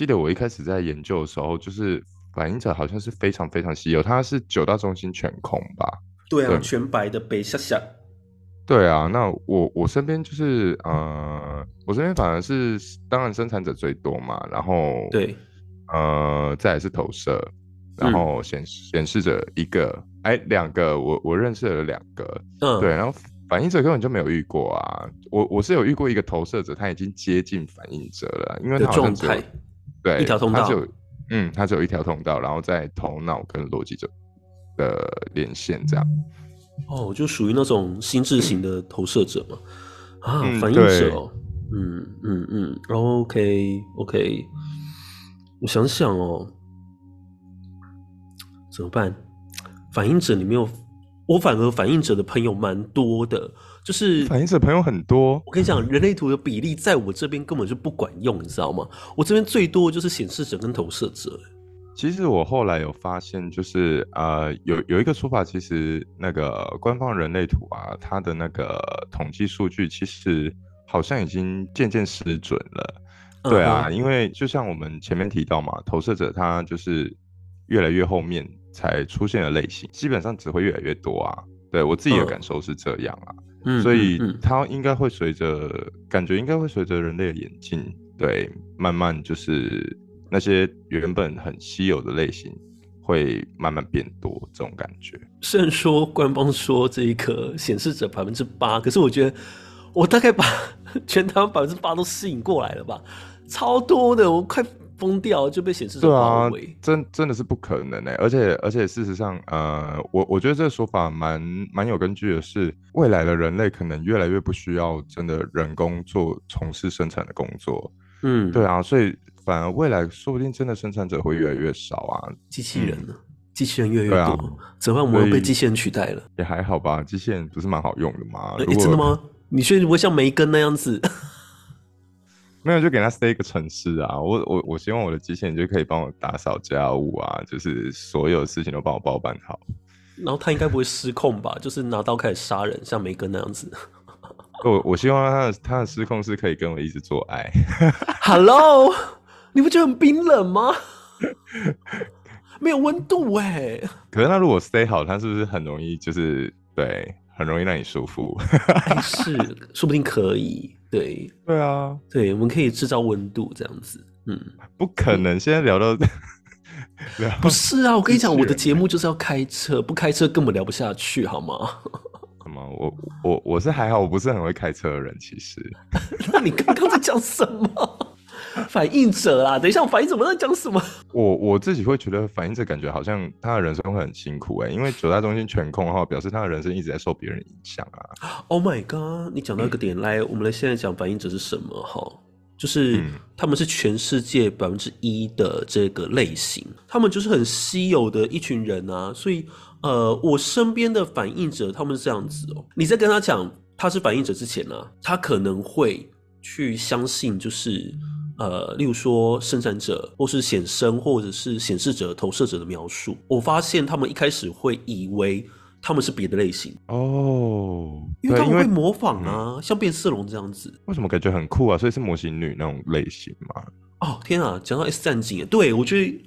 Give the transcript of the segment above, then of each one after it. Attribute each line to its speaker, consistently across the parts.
Speaker 1: 記得我一開始在研究的時候，就是反映者好像是非常非常稀有，他是九大中心全空吧？
Speaker 2: 對啊，對全白的白瞎，
Speaker 1: 對啊，那我我身邊就是嗯，我身邊、就是呃、反而是當然生產者最多嘛，然後對，呃，再來是投射，然後顯顯、嗯、示者一個，哎、欸，兩個，我我認識了兩個，嗯、對，然後反映者根本就沒有遇過啊，我我是有遇過一個投射者，他已經接近反映者了，因為他好像。對，一條通道就，嗯，它只有一條通道，然後在頭腦跟邏輯者的連線這
Speaker 2: 樣。哦，我就屬於那種心智型的投射者嘛，嗯、啊，嗯、反映者，對嗯嗯嗯，OK OK，我想想哦，怎麼辦？反映者你沒有。我反而反映者的朋友蠻多的，就是反映者朋友很多。我跟你講，人類圖的比例在我這邊根本就不管用，你知道嗎？我這邊最多的就是顯示者跟投射者。其實我後來有發
Speaker 1: 現，就是呃，有有一個說法，其實那個官方人類圖啊，它的那個統計數據其實好像已經漸漸失準了。Uh huh. 對啊，因為就像我們前面提到嘛，投射者他就是越來越後面。才出現的類型，基本上只會越來越多啊！對我自己的感受是這樣啊，嗯、所以它應該會隨着，嗯嗯、感覺應該會隨着人類的演進，對，慢慢就是那些原本很稀有的類型，會慢慢變多，這種感覺。
Speaker 2: 雖然說官方說這一顆顯示者百分之八，可是我覺得我大概把全台灣百分之八都吸引過來了吧，超多的，我快。封掉就被顯示成對
Speaker 1: 啊，真真的是不可能呢、欸。而且而且，事實上，呃，我我覺得這個說法蠻蠻有根據的是，是未來的人類可能越來越不需要真的人工做從事生產的工作。嗯，對啊，所以反而未來說不定真的生產者會越來越少啊，機器人呢、啊？機、嗯、器人越來越多，怎麼、啊、我們又被機器人取代了？也還好吧，機器人不是蠻好用的嗎？欸、果真的嗎？
Speaker 2: 你絕對不會像梅根那樣子。沒有，就給他 stay
Speaker 1: 一個城市啊！我我我希望我的機器人就可以幫我打掃家務啊，就是所有事情都幫我包辦好。
Speaker 2: 然後他應該不會失控吧？ 就是拿刀開始殺人，像梅根那樣子。
Speaker 1: 我我希望他的他的失控是可以跟我一直做愛。
Speaker 2: Hello，你不覺得很冰冷嗎？ 沒有溫度哎、
Speaker 1: 欸。可是他如果 stay 好，他是不是很容易就是對？很容易讓你舒服，
Speaker 2: 欸、是，說不定可以，對，對啊，對，我們可以製造溫度這樣子，嗯，不可能，現在聊到， 聊到，不是啊，我跟你講，我的節目就是要開車，不開車根本聊不下去，好嗎？
Speaker 1: 好 嗎？我我我是還好，我不是很會開車的人，其實。
Speaker 2: 那你剛剛在講什麼？ 反應者啦，啊，等一下，我反應者，我在講什麼？
Speaker 1: 我我自己會覺得反應者感覺好像他的人生會很辛苦哎，欸，因為九大中心全空哈，表示他的人生一直在受別人影響啊。
Speaker 2: Oh my god！你講到一個點，嗯、來，我們來現在講反應者是什麼哈？就是他們是全世界百分之一的這個類型，他們就是很稀有的一群人啊。所以呃，我身邊的反應者他們是這樣子哦，喔，你在跟他講他是反應者之前呢，啊，他可能會去相信就是。呃，例如說，生產者，或是顯身，或者是顯示者、投射者的描述，我發現他們一開始會以為他們是別的類型哦，因為他們會模仿啊，像變色龍這樣子、嗯。為什麼感覺很酷啊？所以是魔形女那種類型嘛？哦，天啊，講到《X 戰警》，對我覺得。嗯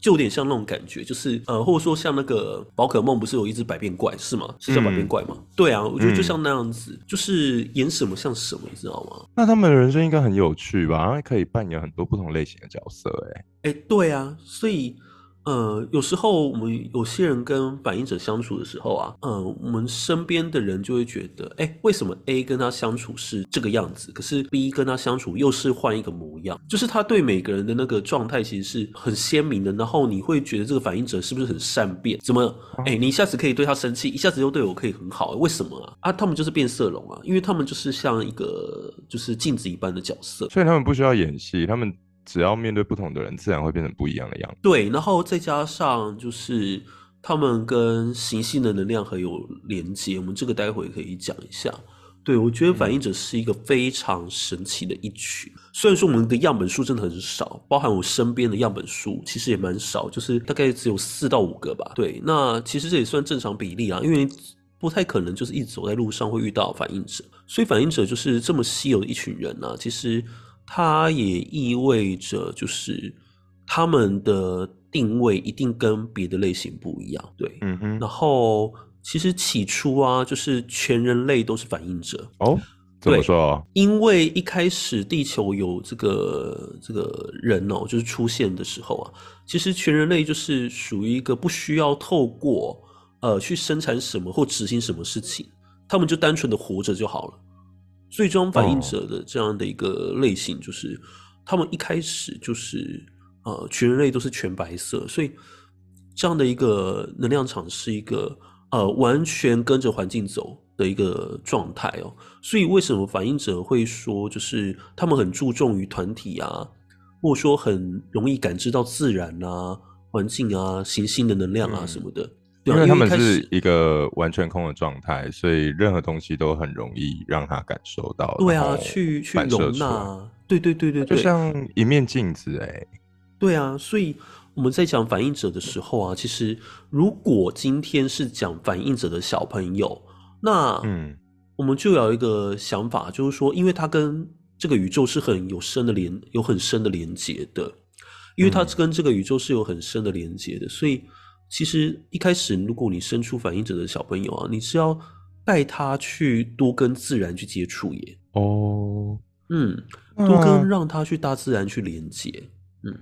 Speaker 2: 就有點像那種感覺，就是呃，或者說像那個寶可夢，不是有一隻百變怪是嗎？是叫百變怪嗎？嗯、對啊，我覺得就像那樣子，嗯、就是演什麼像什麼，你知道嗎？
Speaker 1: 那他們的人生應該很有趣吧？然後可以扮演很多不同類型的角色、欸，
Speaker 2: 哎哎、欸，對啊，所以。呃、嗯，有時候我們有些人跟反映者相處的時候啊，呃、嗯，我們身邊的人就會覺得，哎、欸，為什麼 A 跟他相處是這個樣子，可是 B 跟他相處又是換一個模樣？就是他對每個人的那個狀態，其實是很鮮明的。然後你會覺得這個反映者是不是很善變？怎麼，哎、欸，你一下子可以對他生氣，一下子又對我可以很好，欸？為什麼啊？啊，他們就是變色龍啊，因為他們就是像一個就是鏡子一般的角色，所
Speaker 1: 以他們不需要演戲，他們只要面對不同的人，自然會變成不一樣的樣
Speaker 2: 子。對，然後再加上就是他們跟行星的能量很有連接，我們這個待會可以講一下。對，我覺得反映者是一個非常神奇的一群。嗯、雖然說我們的樣本數真的很少，包含我身邊的樣本數其實也蠻少，就是大概只有四到五個吧。對，那其實這也算正常比例啊，因為不太可能就是一直走在路上會遇到反映者，所以反映者就是這麼稀有的一群人啊，其實。它也意味着，就是他們的定位一定跟別的類型不一樣，對，嗯哼。然後其實起初啊，就是全人類都是反映者哦。怎麼說？因為一開始地球有這個這個人哦，就是出現的時候啊，其實全人類就是屬於一個不需要透過呃去生產什麼或執行什麼事情，他們就單純的活着就好了。最終反映者的這樣的一個類型，就是 Wow. 他們一開始就是呃全人類都是全白色，所以這樣的一個能量場是一個呃完全跟着環境走的一個狀態哦。所以為什麼反映者會說，就是他們很注重於團體啊，或者說很容易感知到自然啊、環境啊、行星的能量啊什麼的。嗯因為他們是
Speaker 1: 一個完全空的狀態，啊、所以任何東西都很容易讓他感受到。對啊，去去容納，
Speaker 2: 對對對對就像一面鏡子哎。對啊，所以我們在講反映者的時候啊，其實如果今天是講反映者的小朋友，那嗯，我們就有一個想法，就是說，因為他跟這個宇宙是很有深的連，有很深的連接的，因為他跟這個宇宙是有很深的連接的，嗯、所以。其實一開始，如果你生出反映者的小朋友啊，你是要帶他去多跟自然去接觸哦，嗯，多跟讓他去大自然去連接，嗯，
Speaker 1: 嗯，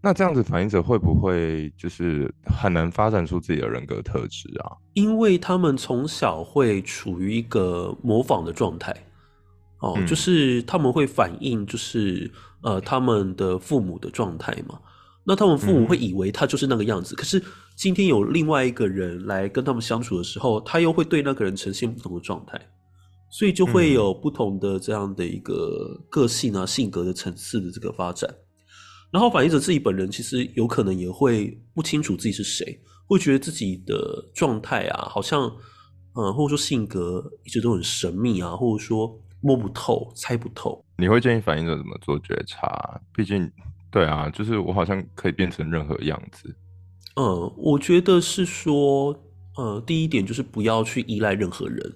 Speaker 1: 那這樣子反映者會不會就是很難
Speaker 2: 發展出自己的人格特質啊？因為他們從小會處於一個模仿的狀態，哦，嗯、就是他們會反映，就是呃，他們的父母的狀態嘛，那他們父母會以為他就是那個樣子，嗯、可是。今天有另外一個人來跟他們相處的時候，他又會對那個人呈現不同的狀態，所以就會有不同的這樣的一個個性啊、性格的層次的這個發展。然後反映者自己本人其實有可能也會不清楚自己是誰，會覺得自己的狀態啊，好像，呃、嗯，或者說性格一直都很神秘啊，或者說摸不透、猜不透。
Speaker 1: 你會建議反映者怎麼做覺察？畢竟，對啊，就是我好像可以變成任何樣子。
Speaker 2: 呃、嗯，我覺得是說，呃，第一點就是不要去依賴任何人。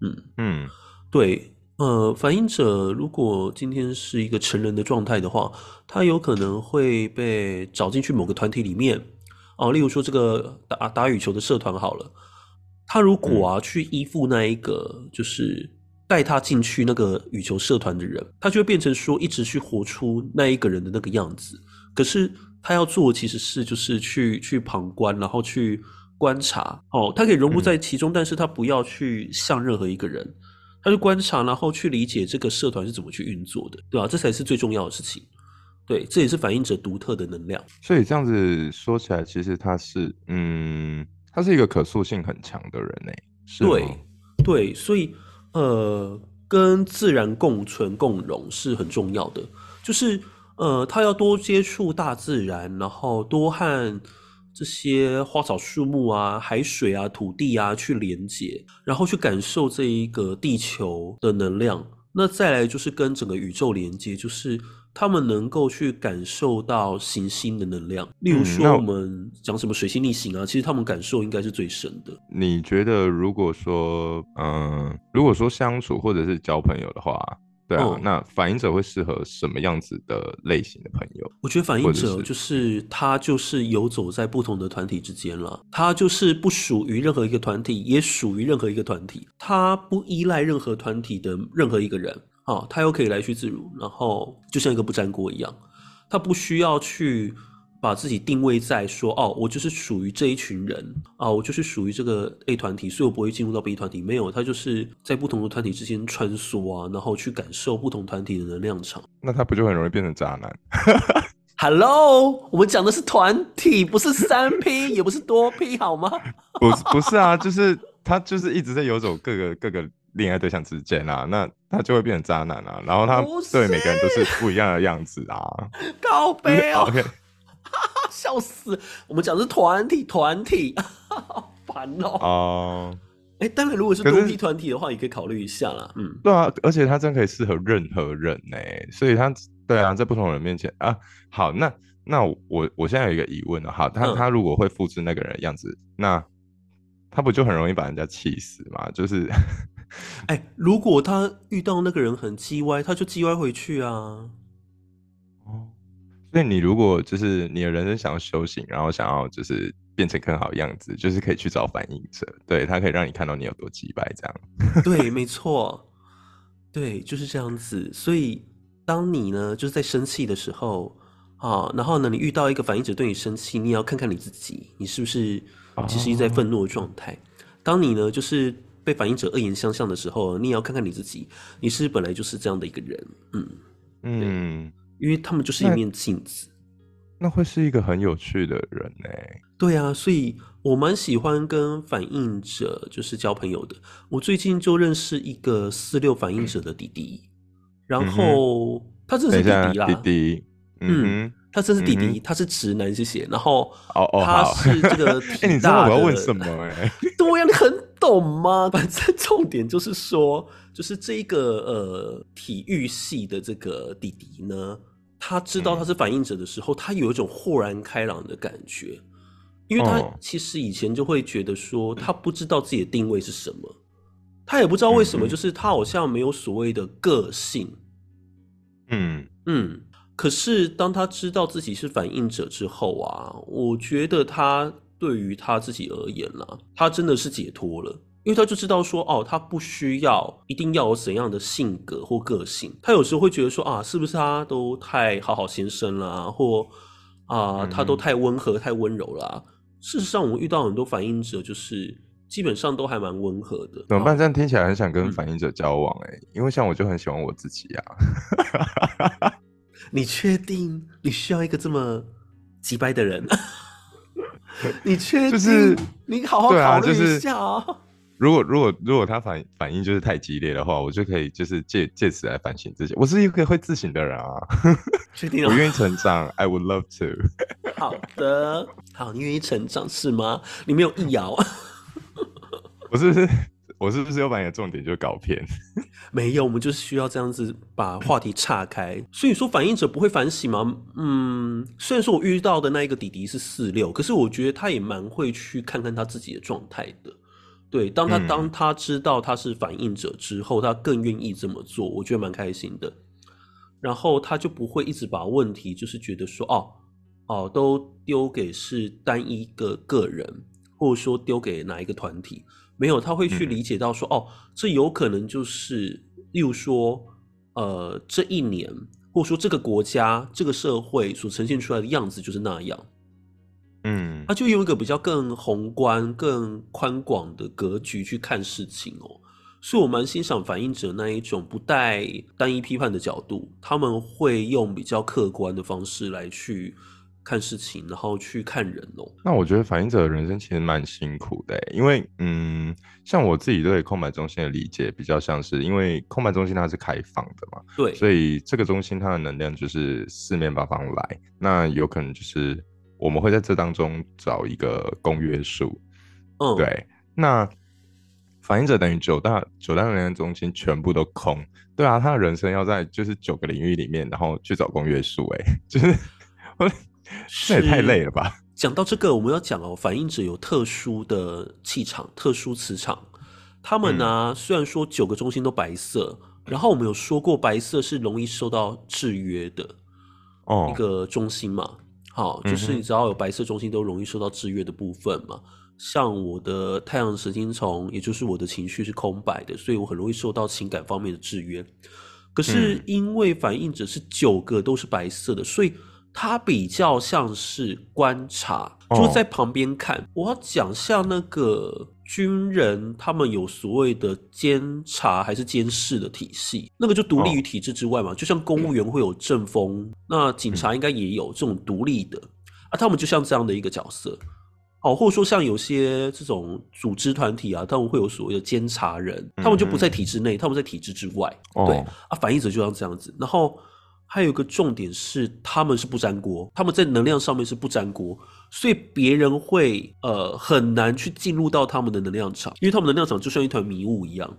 Speaker 2: 嗯嗯，對，呃，反映者，如果今天是一個成人的狀態的話，他有可能會被找進去某個團體裡面啊、呃，例如說這個打打羽球的社團好了，他如果啊、嗯、去依附那一個就是帶他進去那個羽球社團的人，他就會變成說一直去活出那一個人的那個樣子，可是。他要做的，其實是就是去去旁觀，然後去觀察，哦，他可以融入在其中，嗯、但是他不要去像任何一個人，他就觀察，然後去理解這個社團是怎麼去運作的，對吧？這才是最重要的事情。對，這也是反映者獨特的能量。
Speaker 1: 所以這樣子說起來，其實他是，嗯，他是一個可塑性很強的人誒。
Speaker 2: 是對，對，所以，呃，跟自然共存共榮是很重要的，就是。呃，他要多接觸大自然，然後多和這些花草樹木啊、海水啊、土地啊去連接，然後去感受這一個地球的能量。那再來就是跟整個宇宙連接，就是他們能夠去感受到行星的能量。例如說，我們講什麼水星逆行啊，嗯，其實他們感受應該是最深的。
Speaker 1: 你覺得，如果說，嗯，如果說相處或者是交朋友的話？對啊，嗯，那反應者會適合什麼樣子的類型的朋友？
Speaker 2: 我覺得反應者就是他，就是遊走在不同的團體之間了。他就是不屬於任何一個團體，也屬於任何一個團體。他不依賴任何團體的任何一個人，他又可以來去自如，然後就像一個不粘鍋一樣，他不需要去。把自己定位在說哦，我就是屬於這一群人啊、哦，我就是屬於這個 A 團體，所以我不會進入到 B 團體。沒有，他就是在不同的團體之間穿梭啊，然後去感受不同團體的能量場。那他不就很容易變成渣男 ？Hello，我們講的是團體，不是三 P， 也不是多 P 好嗎？ 不是不
Speaker 1: 是啊，就是他就是一直在游走各個各個戀愛對象之間啊，那他就會變成渣男啊。然後他對每個人都是不一樣的樣
Speaker 2: 子啊。告別是 哦。 okay. 哈哈，， 笑死！我們講的是團體團體，煩哦。哦、喔，哎、呃欸，當然，如果是團體團體的話，你可以考慮一下啦。是
Speaker 1: 嗯，對啊，而且他真可以適合任何人呢。所以他對啊，在不同人面前、嗯、啊，好，那那我我，我現在有一個疑問啊、喔，好，他、嗯、他如果會複製那個人的樣子，那他不就很容易把人家氣死嗎？就是 ，
Speaker 2: 哎、欸，如果他遇到那個人很嘰歪，他就嘰歪回去啊。
Speaker 1: 所以你如果就是你的人生想要修行，然後想要就是變成更好的樣子，就是可以去找反映者，對，他可以讓你看到你有多機掰這樣。
Speaker 2: 對，沒錯，對，就是這樣子。所以當你呢就是在生氣的時候啊、哦，然後呢你遇到一個反映者對你生氣，你要看看你自己，你是不是其實一直在憤怒的狀態？哦、當你呢就是被反映者惡言相向的時候，你也要看看你自己，你是本來就是這樣的一個人，
Speaker 1: 嗯嗯。
Speaker 2: 因為他們就是一面鏡子
Speaker 1: 那，那會是一個很有趣的人呢、欸。
Speaker 2: 對啊，所以我蠻喜歡跟反映者就是交朋友的。我最近就認識一個四六反映者的弟弟，嗯、然後、嗯、哼他真是弟弟啦，弟弟，嗯，嗯，他真是弟弟，嗯、哼他是直男謝謝。然後哦哦，他是這個哎、哦哦 欸，你知道我要問什麼哎、欸？ 對呀、啊，你很。懂嗎？反正重點就是說，就是這個呃體育系的這個弟弟呢，他知道他是反映者的時候，嗯、他有一種豁然開朗的感覺，因為他其實以前就會覺得說，哦、他不知道自己的定位是什麼，他也不知道為什麼，就是他好像沒有所謂的個性。嗯嗯。可是當他知道自己是反映者之後啊，我覺得他。對於他自己而言呢，他真的是解脫了，因為他就知道說，哦，他不需要一定要有怎樣的性格或個性。他有時候會覺得說，啊，是不是他都太好好先生了，或啊，他都太溫和、嗯、太溫柔了？事實上，我們遇到很多反映者，就是基本上都還蠻溫和的。
Speaker 1: 怎麼辦？這樣聽起來很想跟反映者交往哎、欸，嗯、因為像我就很喜歡我自己呀、啊。
Speaker 2: 你確定你需要一個這麼急掰的人？你確定？就是、你好好考慮一下哦、啊就是、如果如果如果他反反應就
Speaker 1: 是太激烈的話，我就可以就是借借此來反省自己。我是一個會自省的人啊，
Speaker 2: 確定了。我願意
Speaker 1: 成長 ，I would love to。
Speaker 2: 好的，好，你願意成長是嗎？你沒有意謠 我是不是。我是不是要把你的重點就搞偏？ 沒有，我們就是需要這樣子把話題岔開。所以說，反映者不會反省嗎？嗯，雖然說我遇到的那一個弟弟是四六，可是我覺得他也蠻會去看看他自己的狀態的。對，當他、嗯、當他知道他是反映者之後，他更願意這麼做，我覺得蠻開心的。然後他就不會一直把問題就是覺得說哦哦都丟給是單一個個人，或者說丟給哪一個團體。沒有，他會去理解到說，嗯、哦，這有可能就是，例如說，呃，這一年，或者說這個國家、這個社會所呈現出來的樣子就是那樣，嗯，他就用一個比較更宏觀、更寬廣的格局去看事情哦，所以我蠻欣賞反映者那一種不帶單一批判的角度，他們會用比較客觀的方式來去。看事情，然後去看人嘍、哦。
Speaker 1: 那我覺得反映者的人生其實蠻辛苦的、欸，因為嗯，像我自己對空白中心的理解比較像是，因為空白中心它是開放的嘛，對，所以這個中心它的能量就是四面八方來。那有可能就是我們會在這當中找一個公約數，嗯，對。那反映者等於九大九大能量中心全部都空，對啊，他的人生要在就是九個領域裡面，然後去找公約數、欸，哎，就是我。 這也太累了吧？
Speaker 2: 講到這個，我們要講哦，反映者有特殊的氣場、特殊磁場。他們呢、啊，嗯、雖然說九個中心都白色，然後我們有說過白色是容易受到制約的哦一個中心嘛。好、哦哦，就是你知道，有白色中心都容易受到制約的部分嘛。嗯、哼像我的太陽神經叢，也就是我的情緒是空白的，所以我很容易受到情感方面的制約。
Speaker 1: 可是
Speaker 2: 因為反映者是九個都是白色的，所以。他比較像是觀察，就是、在旁邊看。Oh. 我要講像那個軍人，他們有所謂的監察還是監視的體系，那個就獨立於體制之外嘛。Oh. 就像公務員會有政風，嗯、那警察應該也有這種獨立的。嗯、啊，他們就像這樣的一個角色，好、啊，或者說像有些這種組織團體啊，他們會有所謂的監察人，嗯、他們就不在體制內，他們在體制之外。Oh. 對，啊，反映者就像這樣子，然後。還有一個重點是，他們是不粘鍋，他們在能量上面是不粘鍋，所以別人會呃很難去進入到他們的能量場，因為他們的能量場就像一團迷霧一樣，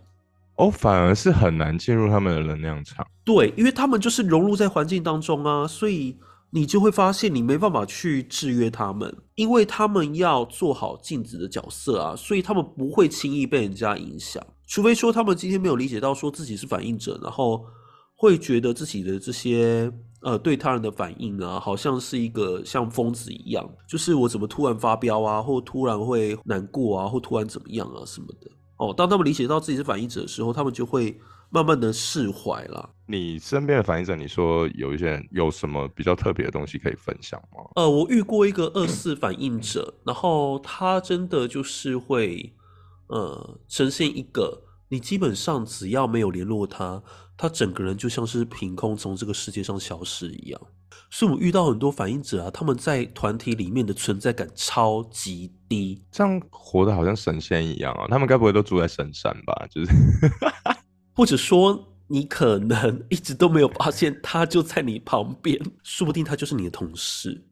Speaker 1: 哦，反而是很難進入他們的能量場。
Speaker 2: 對，因為他們就是融入在環境當中啊，所以你就會發現你沒辦法去制約他們，因為他們要做好鏡子的角色啊，所以他們不會輕易被人家影響，除非說他們今天沒有理解到說自己是反映者，然後。會覺得自己的這些呃對他人的反應啊，好像是一個像瘋子一樣，就是我怎麼突然發飆啊，或突然會難過啊，或突然怎麼樣啊什麼的。哦，當他們理解到自己是反映者的時候，他們就會慢慢的釋懷啦。
Speaker 1: 你身邊的反映者，你說有一些人有什麼比較特別的東西可以分享嗎？
Speaker 2: 呃，我遇過一個二四反映者， 然後他真的就是會呃呈現一個。你基本上只要沒有聯絡他，他整個人就像是憑空從這個世界上消失一樣。所以我遇到很多反映者啊，他們在團體裡面的存在感超級低，這樣活
Speaker 1: 得好像神仙一樣啊、哦。他們該不會都住在神山吧？就是 ，
Speaker 2: 或者說你可能一直都沒有發現他就在你旁邊，說不定他就是你的同事。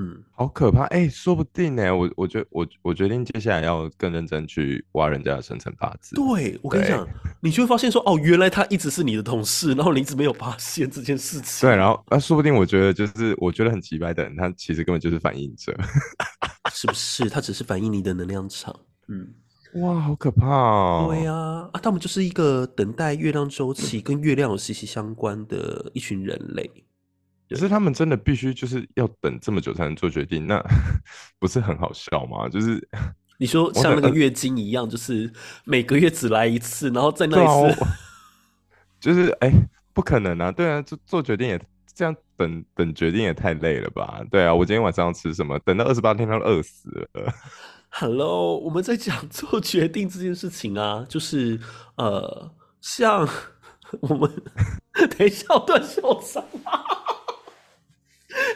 Speaker 1: 嗯，好可怕哎、欸，說不定呢。我我覺得我我決定接下來要更認真去挖人家的生辰八字。
Speaker 2: 對，對我跟你講，你就會發現說，哦，原來他一直是你的同事，然後你一直沒有發現這件事情。
Speaker 1: 對，然後那、啊、說不定我覺得就是，我覺得很奇怪的人，他其實根本就是反映者， 是不是？他
Speaker 2: 只是反映你的能量場。 嗯，哇，好可怕、哦。對呀、啊，啊，他們就是一個等待月亮周期跟月亮有息息相關的一群人類。
Speaker 1: 也對是他們真的必須就是要等這麼久才能做決定，那不是很好笑嗎？就是你說像那個
Speaker 2: 月經一樣，就是每個月只來一次，然後在那一次，啊、
Speaker 1: 就是哎、欸，不可能啊！對啊，做做決定也這樣等等決定也太累了吧？對啊，我今天晚上要吃什麼？等到二十八天都餓死了。
Speaker 2: Hello，我們在講做決定這件事情啊，就是呃，像我們 等一下，我斷袖上了。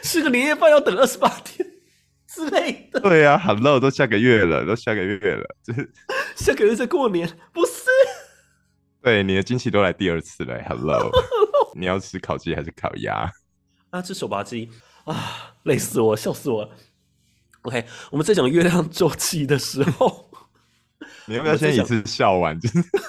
Speaker 2: 吃個年夜飯要等二十八天之類的。對呀、啊、，Hello，
Speaker 1: 都下個月了，都下個月了，就
Speaker 2: 下個月再過年，不是？
Speaker 1: 對，你的經期都來第二次了，Hello，, Hello 你要吃烤雞還是烤鴨？
Speaker 2: 啊，吃手扒雞啊，累死我，笑死我。OK，我們在講月亮周期的時候， 你要不要先一次笑完？真的。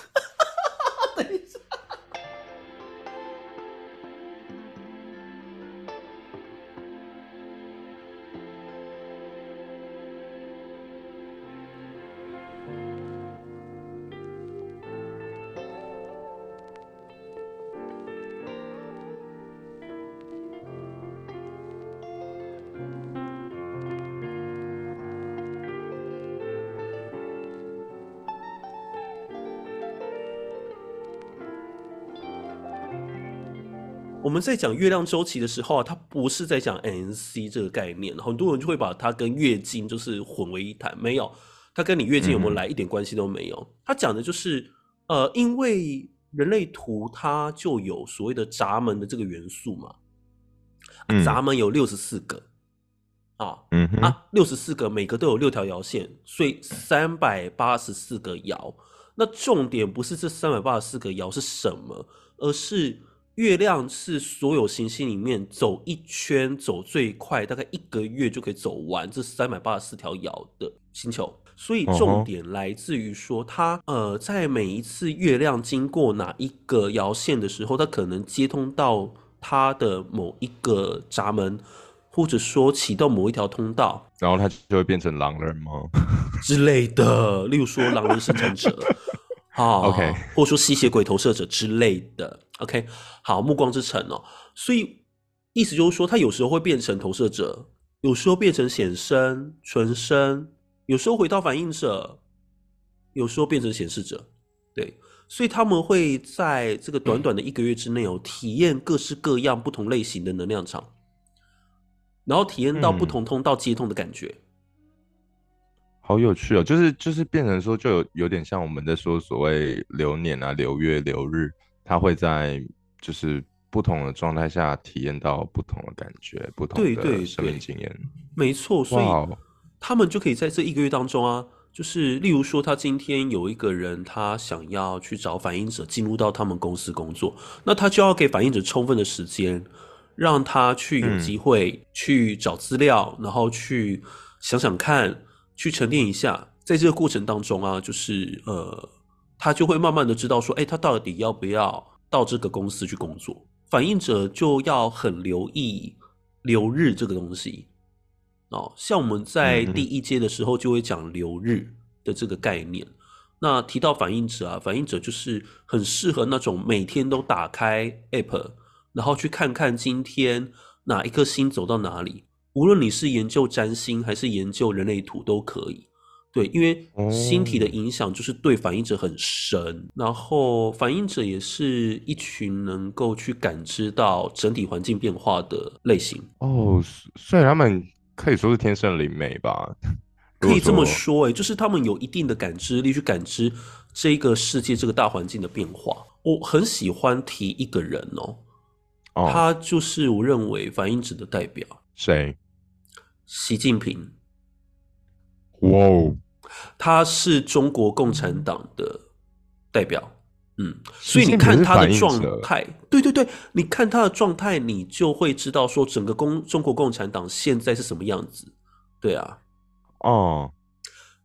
Speaker 2: 我們在講月亮週期的時候啊，它不是在講 MC 這個概念，很多人就會把它跟月經就是混為一談。沒有，它跟你月經有沒有來、嗯、哼一點關係都沒有。它講的就是，呃，因為人類圖它就有所謂的閘門的這個元素嘛，
Speaker 1: 啊嗯、閘
Speaker 2: 門有六十四個啊，啊，六十四個，每個都有六條爻線，所以三百八十四個爻，那重點不是這三百八十四個爻是什麼，而是。月亮是所有行星裡面走一圈走最快，大概一個月就可以走完這三百八十四條爻的星球。所以重點來自於說，它呃，在每一次月亮經過哪一個爻線的時候，它可能接通到它的某一個閘門，或者說啟動某一條通道，然後它就會變成狼人嗎之類的？例如說，狼人生產者。 好 OK 或者說吸血鬼投射者之類的，OK，好，暮光之城哦，所以意思就是說，他有時候會變成投射者，有時候變成顯生、純生，有時候回到反應者，有時候變成顯示者，對，所以他們會在這個短短的一個月之內哦，嗯、體驗各式各樣不同類型的能量場，然後體驗到不同通道接通的感覺。嗯
Speaker 1: 好有趣哦，就是就是變成說，就有有點像我們在說所謂流年啊、流月、流日，他會在就是不同的狀態下體驗到不同的感覺，對對對，不同的生命經驗。
Speaker 2: 沒錯，所以他們就可以在這一個月當中啊，Wow 就是例如說，他今天有一個人，他想要去找反映者進入到他們公司工作，那他就要給反映者充分的時間，讓他去有機會去找資料，嗯、然後去想想看。去沉澱一下，在這個過程當中啊，就是呃，他就會慢慢的知道說，哎、欸，他到底要不要到這個公司去工作？反映者就要很留意留日這個東西哦。像我們在第一階的時候就會講留日的這個概念。嗯嗯嗯。那提到反映者啊，反映者就是很適合那種每天都打開 app，然後去看看今天哪一顆星走到哪裡。無論你是研究占星還是研究人類圖都可以，對，因為星體的影響就是對反映者很深，哦、然後反映者也是一群能夠去感知到整體環境變化的類型
Speaker 1: 哦，所以他們可以說是天生
Speaker 2: 靈媒吧， 可以這麼說哎、欸，就是他們有一定的感知力去感知這個世界這個大環境的變化。我很喜歡提一個人哦，哦他就是我認為反映者的代表，誰？習近平，
Speaker 1: 哇
Speaker 2: 哦，他是中國共產黨的代表，嗯，所以你看他的狀態，對對對，你看他的狀態，你就會知道說整個中國共產黨現在是什麼樣子，對啊，哦，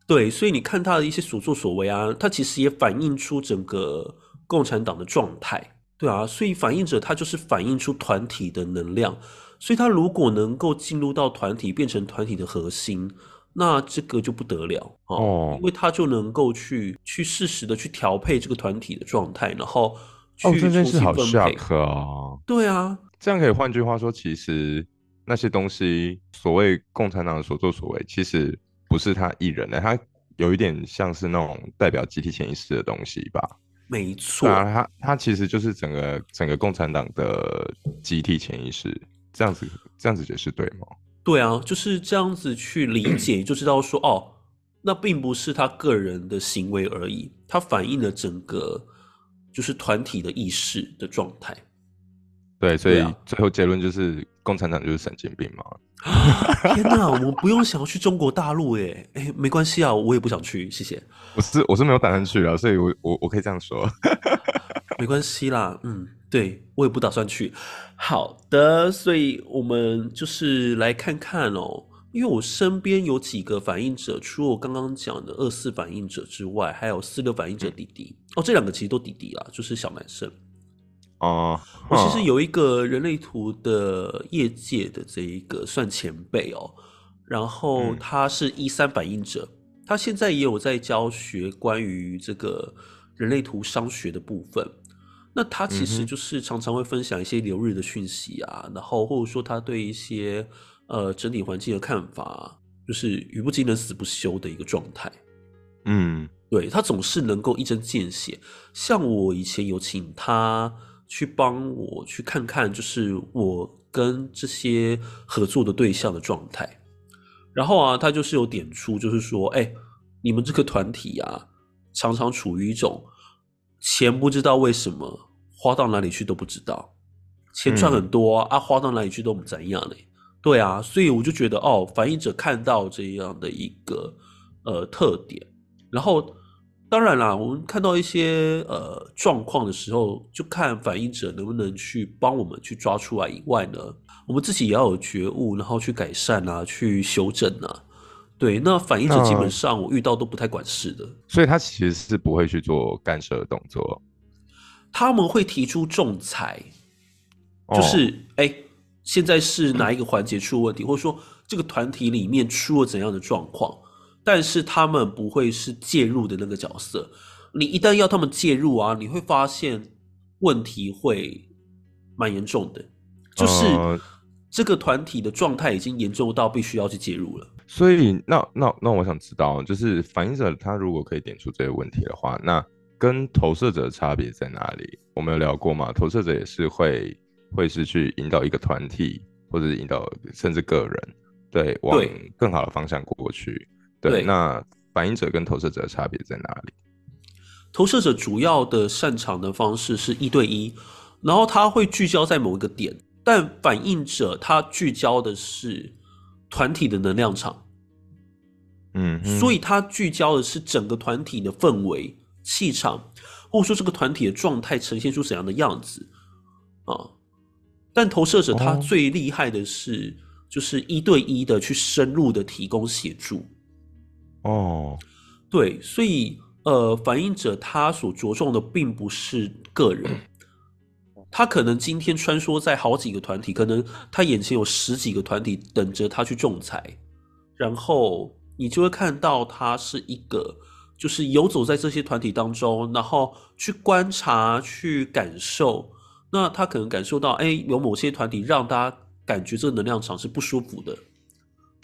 Speaker 2: 對，所以你看他的一些所作所為啊，他其實也反映出整個共產黨的狀態，對啊，所以反映者他就是反映出團體的能量。所以他如果能夠進入到團體，變成團體的核心，那這個就不得了哦。哦，因為他就能夠去去適時的去調配這個團體的狀態，然後
Speaker 1: 去做出分配啊。哦哦、對
Speaker 2: 啊，這樣可以。換句話說，其
Speaker 1: 實那些東西，所謂共產黨的所作所為，其實不是他一人的，他有一點像是那種代表集體潛意識的東西吧？
Speaker 2: 沒錯啊，
Speaker 1: 他他其實就是整個整個共產黨的集體潛意識。這樣子這樣子解釋對嗎？
Speaker 2: 對啊，就是這樣子去理解， 就知道說哦，那並不是他個人的行為而已，它，反映了整個就是團體的意識的狀態。
Speaker 1: 對，所以最後結論就是、啊、共產黨就是神經病嘛。
Speaker 2: 天哪、啊，我們不用想要去中國大陸哎哎，沒關係啊，我也不想去，謝謝。我是我是沒有打算去了，所以我我我可以這樣說， 沒關係啦，嗯。對，我也不打算去，好的，所以我們就是來看看哦，因為我身邊有幾個反映者，除了我剛剛講的二四反映者之外，還有四六反映者弟弟、嗯、哦，這兩個其實都弟弟啦，就是小男生哦。
Speaker 1: Uh, huh. 我其實
Speaker 2: 有一個人類圖的業界的這一個算前輩哦，然後他是一三反映者，嗯、他現在也有在教學關於這個人類圖商學的部分。那他其實就是常常會分享一些流日的訊息啊，嗯、哼然後或者說他對一些呃整體環境的看法，就是語不驚人死不休的一個狀態。嗯，對，他總是能夠一針見血。像我以前有請他去幫我去看看，就是我跟這些合作的對象的狀態。然後啊，他就是有點出，就是說，哎、欸，你們這個團體啊，常常處於一種錢不知道為什麼。花到哪裡去都不知道，錢賺很多、嗯、啊，花到哪裡去都不怎樣嘞。對啊，所以我就覺得，哦，反映者看到這樣的一個呃特點，然後當然啦，我們看到一些呃狀況的時候，就看反映者能不能去幫我們去抓出來以外呢，我們自己也要有覺悟，然後去改善啊，去修正啊。對，那反映者基本上我遇到都不太管事的，
Speaker 1: 所以他其實是不會去做干涉的動作。
Speaker 2: 他們會提出仲裁，
Speaker 1: 就是
Speaker 2: 哎、哦欸，現在是哪一個環節出問題，嗯、或者說這個團體裡面出了怎樣的狀況？但是他們不會是介入的那個角色。你一旦要他們介入啊，你會發現問題會蠻嚴重的，就是、哦、這個團體的狀態已經嚴重到必須要去介入了。
Speaker 1: 所以，那那那我想知道，就是反映者他如果可以點出這些問題的話，那。跟投射者差別在哪裡？我們有聊過嘛？投射者也是會會是去引導一個團體，或者引導甚至個人，對，往更好的方向過去。對，對，那反映者跟投射者的差別在哪裡？
Speaker 2: 投射者主要的擅長的方式是一對一，然後他會聚焦在某一個點，但反映者他聚焦的是團體的能量場，嗯哼，所以他聚焦的是整個團體的氛圍。氣場，或者說這個團體的狀態呈現出怎樣的樣子啊？但投射者他最厲害的是，哦、就是一對一的去深入的提供協助。哦，對，所以呃，反映者他所着重的並不是個人，他可能今天穿梭在好幾個團體，可能他眼前有十幾個團體等着他去仲裁，然後你就會看到他是一個。就是遊走在這些團體當中，然後去觀察、去感受。那他可能感受到，哎，有某些團體讓他感覺這個能量場是不舒服的。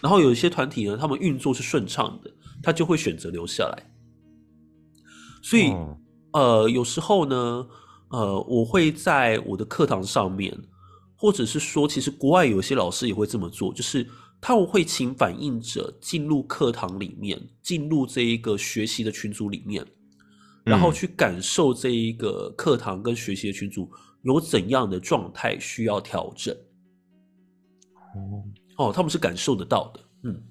Speaker 2: 然後有一些團體呢，他們運作是順暢的，他就會選擇留下來。所以，呃，有時候呢，呃，我會在我的課堂上面，或者是說，其實國外有些老師也會這麼做，就是。他們會請反映者進入課堂裡面，進入這一個學習的群組裡面，
Speaker 1: 然後
Speaker 2: 去感受這一個課堂跟學習的群組有怎樣的狀態需要調整。哦，他們是感受得到的，嗯，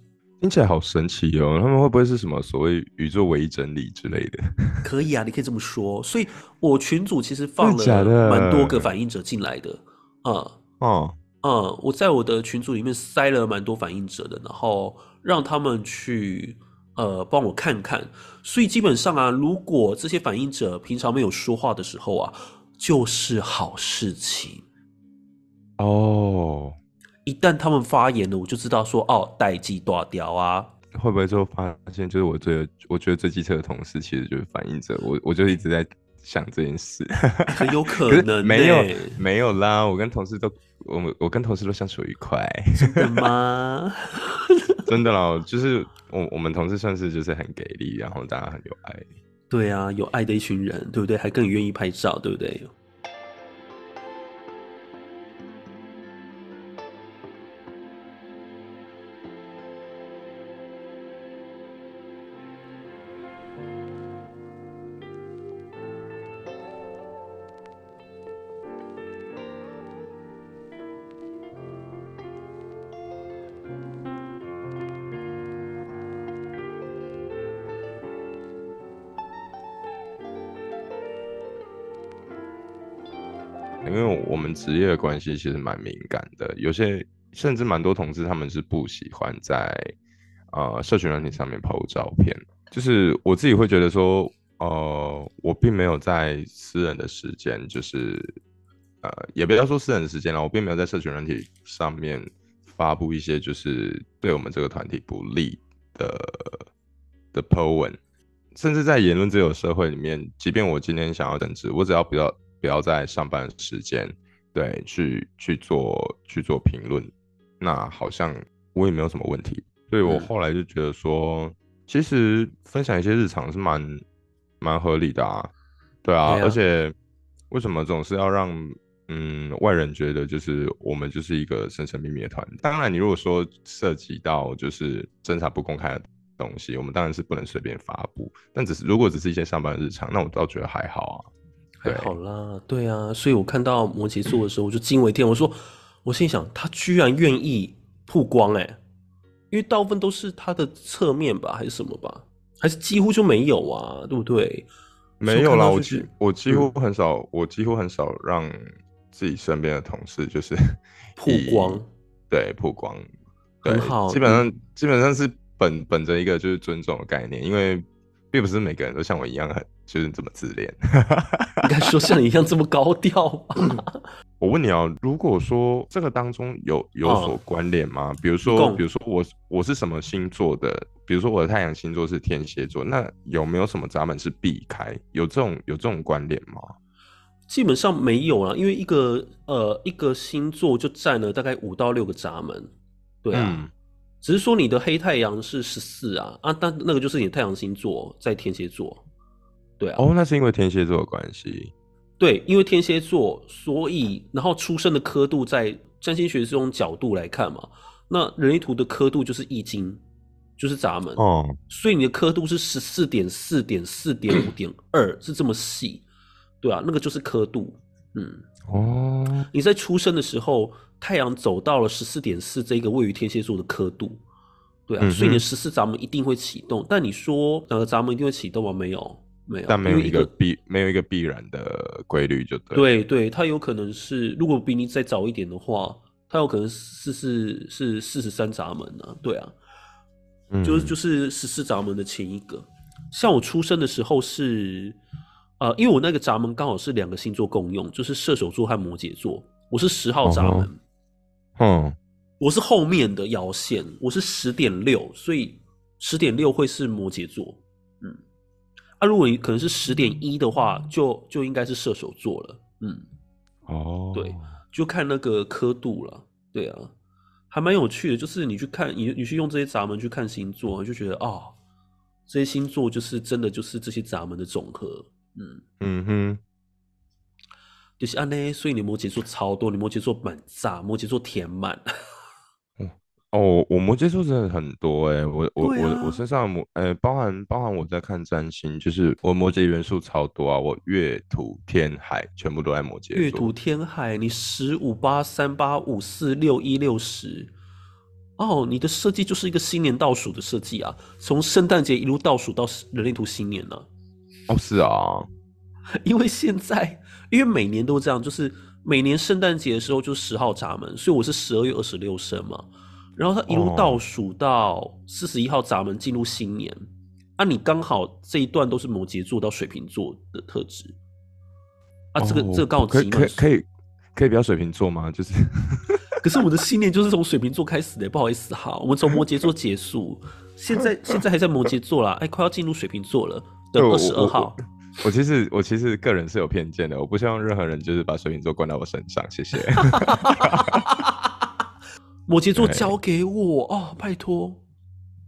Speaker 1: 聽起來好神奇哦。他們會不會是什麼所謂宇宙唯一真理之類的？
Speaker 2: 可以啊，你可以這麼說。所以我群組其實放了蠻多個反映者進來的，啊啊。嗯哦嗯，我在我的群組裡面塞了蠻多反映者的，然後讓他們去呃幫我看看。所以基本上啊，如果這些反映者平常沒有說話的時候啊，就是好事情哦。Oh. 一旦他們發言了，我就知道說哦，代誌大條啊。會不會就發現
Speaker 1: 就是我最我覺得最機車的同事其實就是反映者？我我就一直在想這件事， 很
Speaker 2: 有可能、欸、 可沒有
Speaker 1: 沒有啦，我跟同事都。我們我跟同事都相處愉快，真的嗎？ 真的啦，就是我我們同事算是就
Speaker 2: 是很給力，然後大家很有愛，對啊，有愛的一群人，對不對？還更願意拍照，嗯、對不對？
Speaker 1: 職業的關係其實蠻敏感的，有些甚至蠻多同志他們是不喜歡在呃社群軟體上面 PO 照片，就是我自己會覺得說，呃，我並沒有在私人的時間，就是呃，也不要說私人的時間了，我並沒有在社群軟體上面發布一些就是對我們這個團體不利的的 PO 文，甚至在言論自由社會裡面，即便我今天想要整治，我只要不要不要在上班的時間。對，去去做去做評論，那好像我也沒有什麼問題，所以我後來就覺得說，嗯、其實分享一些日常是蠻蠻合理的啊，對啊，對啊，而且為什麼總是要讓嗯外人覺得就是我們就是一個神神秘秘的團？當然，你如果說涉及到就是偵查不公開的東西，我們當然是不能隨便發布，但只是如果只是一些上班日常，那我倒覺得還好啊。
Speaker 2: 好啦，對啊，所以我看到摩羯座的時候，我就驚為天。我說，我心想，他居然願意曝光哎、欸，因為大部分都是他的側面吧，還是什麼吧，還是幾乎就沒有啊，對不對？沒有啦，我幾我幾乎
Speaker 1: 很少，我幾乎很少讓自己身邊的同事就是曝光，對曝光，很好。基本上基本上是本本着一個就是尊重的概念，因為並不是每個人都像我一樣很。就是這麼自戀，
Speaker 2: 應該說
Speaker 1: 像你一樣這麼高調吧 我問你啊，如果說這個當中有有所關聯嗎？嗯、比如說，共比如說我我是什麼星座的？比如說我的太陽星座是天蠍座，那有沒有什麼閘門是避開？有這種有這種關聯嗎？
Speaker 2: 基本上沒有啊，因為一個呃一個星座就佔了大概五到六個閘門，對啊，嗯、只是說你的黑太陽是十四啊啊，但、啊、那個就是你的太陽星座在天蠍座。
Speaker 1: 對啊，哦，那是因為天蠍座的關係。
Speaker 2: 對，因為天蠍座，所以然後出生的刻度，在占星學這種角度來看嘛，那人類圖的刻度就是易經。就是閘門。哦，所以你的刻度是十四點四點四點五點二，是這麼細，對啊，那個就是刻度。嗯，哦，你在出生的時候，太陽走到了十四點四這個位於天蠍座的刻度，對啊，所以你的十四閘門一定會啟動。嗯、哼但你說哪個閘門一定會啟動嗎？沒有。沒有，但沒有一個
Speaker 1: 必一個沒有一個必然的規律，就對。對，對
Speaker 2: 對，他有可能是，如果比你再早一點的話，他有可能是是是四十三閘門呢、啊。對啊，
Speaker 1: 就是
Speaker 2: 就是十四閘門的前一個。嗯、像我出生的時候是，呃，因為我那個閘門剛好是兩個星座共用，就是射手座和摩羯座。我是十號閘門，
Speaker 1: 哦哦哦、
Speaker 2: 我是後面的爻線，我是十點六，所以十點六會是摩羯座，嗯。他如果可能是十點一的話，就就應該是射手座了，嗯，哦，oh. 對，就看那個刻度了，對啊，還蠻有趣的，就是你去看，你你去用這些閘門去看星座啊，就覺得哦，這些星座就是真的就是這些閘門的總和，嗯嗯哼，mm hmm. 就是啊，那所以你摩羯座超多，你摩羯座滿炸，摩羯座填滿。
Speaker 1: 哦，我摩羯座真的很多誒、欸，我我我、啊、我身上摩，呃，包含包含我在看占星，就是我摩羯元素超多啊，我月土天海全部都在摩羯。月土
Speaker 2: 天海，你十五八三八五四六一六十，哦，你的設計就是一個新年倒數的設計啊，從聖誕節一路倒數到人類圖新年呢、啊。哦，是啊， 因為現在因為每年都這樣，就是每年聖誕節的時候就十號閘門，所以我是十二月二十六生嘛。然後他一路倒數到四十一號閘門進入新年，哦、啊，你剛好這一段都是摩羯座到水瓶座的特質，啊，這個、哦、這個剛好可以說可以可以不要水瓶座嗎？就是，可是我們的新年就是從水瓶座開始的， 不好意思哈，我們從摩羯座結束，現在現在還在摩羯座啦，哎，快要進入水瓶座了，等二十二號我
Speaker 1: 我我。我其實我其實個人是有偏見的，我不希望任何人就是把水瓶座關到我身上，謝謝。
Speaker 2: 摩羯座交給我對哦，拜託，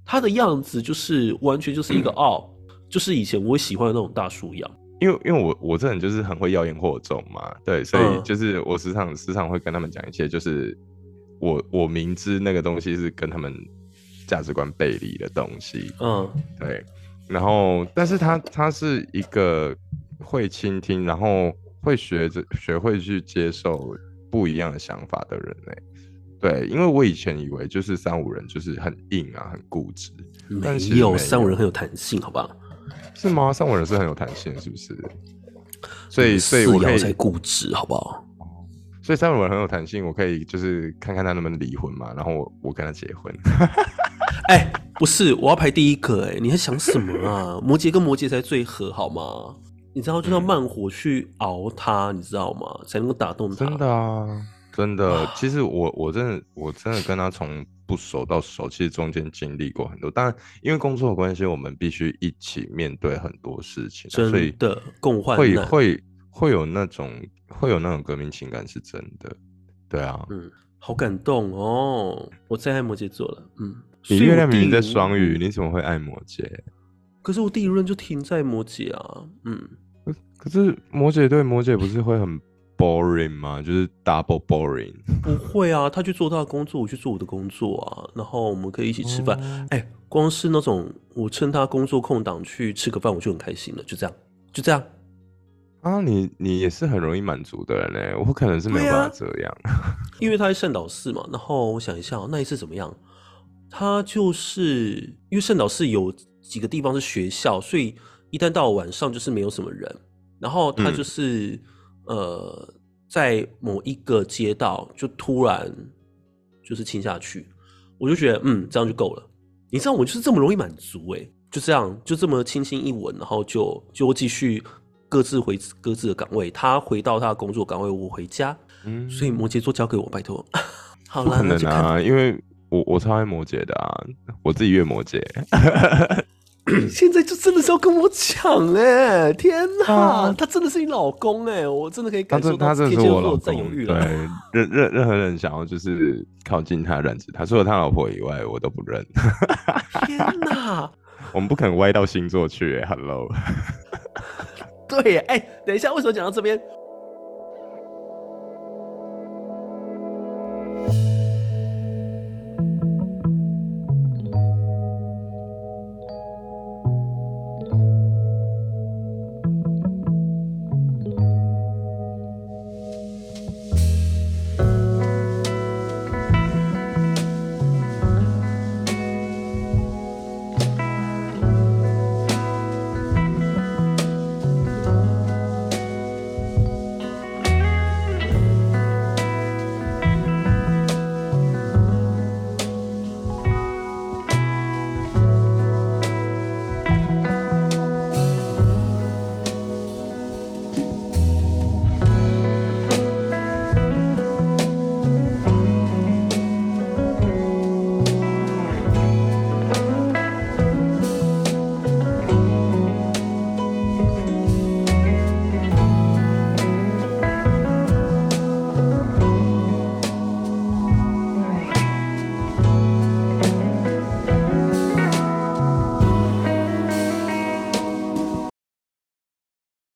Speaker 2: 他的樣子就是完全就是一個、嗯、哦，就是以前我喜歡的那種大叔樣。因為因為我我這人就是很會妖言
Speaker 1: 惑眾嘛，對，所以就是我時常、嗯、時常會跟他們講一些，就是我我明知那個東西是跟他們價值觀背離的東西，嗯，對。然後，但是他他是一個會傾聽，然後會學着學會去接受不一樣的想法的人嘞。對，因為我以前以為就是三五人就是很硬啊，很固執。沒有，但沒有三五人很有彈性，好不好？是嗎？三五人是很有彈性，是不是？ 所以，所以我才固
Speaker 2: 執，好不好？
Speaker 1: 所以三五人很有彈性，我可以就是看看他能不能離婚
Speaker 2: 嘛，然後我，我跟他結婚。哎、 欸，不是，我要排第一個哎、欸！你在想什麼啊？ 摩羯跟摩羯才最合，好嗎？你知道，就要慢火去熬他，嗯、你知道嗎？才能夠打動他。真的啊。真的，其實我我真的我
Speaker 1: 真的跟他從不熟到熟，其實中間經歷過很多，當然，因為工作的關係，我們必須一起面對很多事情，啊，所以的共患會會會有那種會有那種革命情感是真的，對啊，嗯，
Speaker 2: 好感動哦，我真愛摩羯座了。嗯，你月亮明明在
Speaker 1: 雙魚，嗯，你怎麼會愛摩羯？
Speaker 2: 可是我第一輪就停在摩羯啊。嗯，
Speaker 1: 可是摩羯對摩羯不是會很 boring 嗎？就是 double boring？
Speaker 2: 不會啊，他去做他的工作，我去做我的工作啊，然後我們可以一起吃飯。Oh. 哎，光是那種我趁他工作空檔去吃個飯，我就很開心了。就這樣，就這樣啊！你你也是很容易滿足的人嘞，我可能是沒辦法這樣，啊、 因為他在善導寺嘛。然後我想一下、哦，那一次怎麼樣？他就是因為善導寺有幾個地方是學校，所以一旦到了晚上就是沒有什麼人，然後他就是。嗯呃，在某一個街道，就突然就是親下去，我就覺得嗯，這樣就夠了。你知道我就是這麼容易滿足哎、欸，就這樣，就這麼輕輕一吻，然後就就繼續各自回各自的崗位。他回到他的工作崗位，我回家。嗯，所以摩羯座交給我，拜托。 好啦，不可能啊，
Speaker 1: 因為我我超愛摩羯的啊，我自己越摩羯。
Speaker 2: 現在就真的是要跟我搶哎、欸、天哪，啊、他真的是你老公哎、欸！我真的可以感受到天蠍座佔有慾。對，
Speaker 1: 任任任何人想要就是靠近他、認識他，除了他老婆以外，我都不認。
Speaker 2: 天哪，
Speaker 1: 我們不可能歪到星座去、欸。Hello，
Speaker 2: 對，哎、欸，等一下，為什麼講到這邊？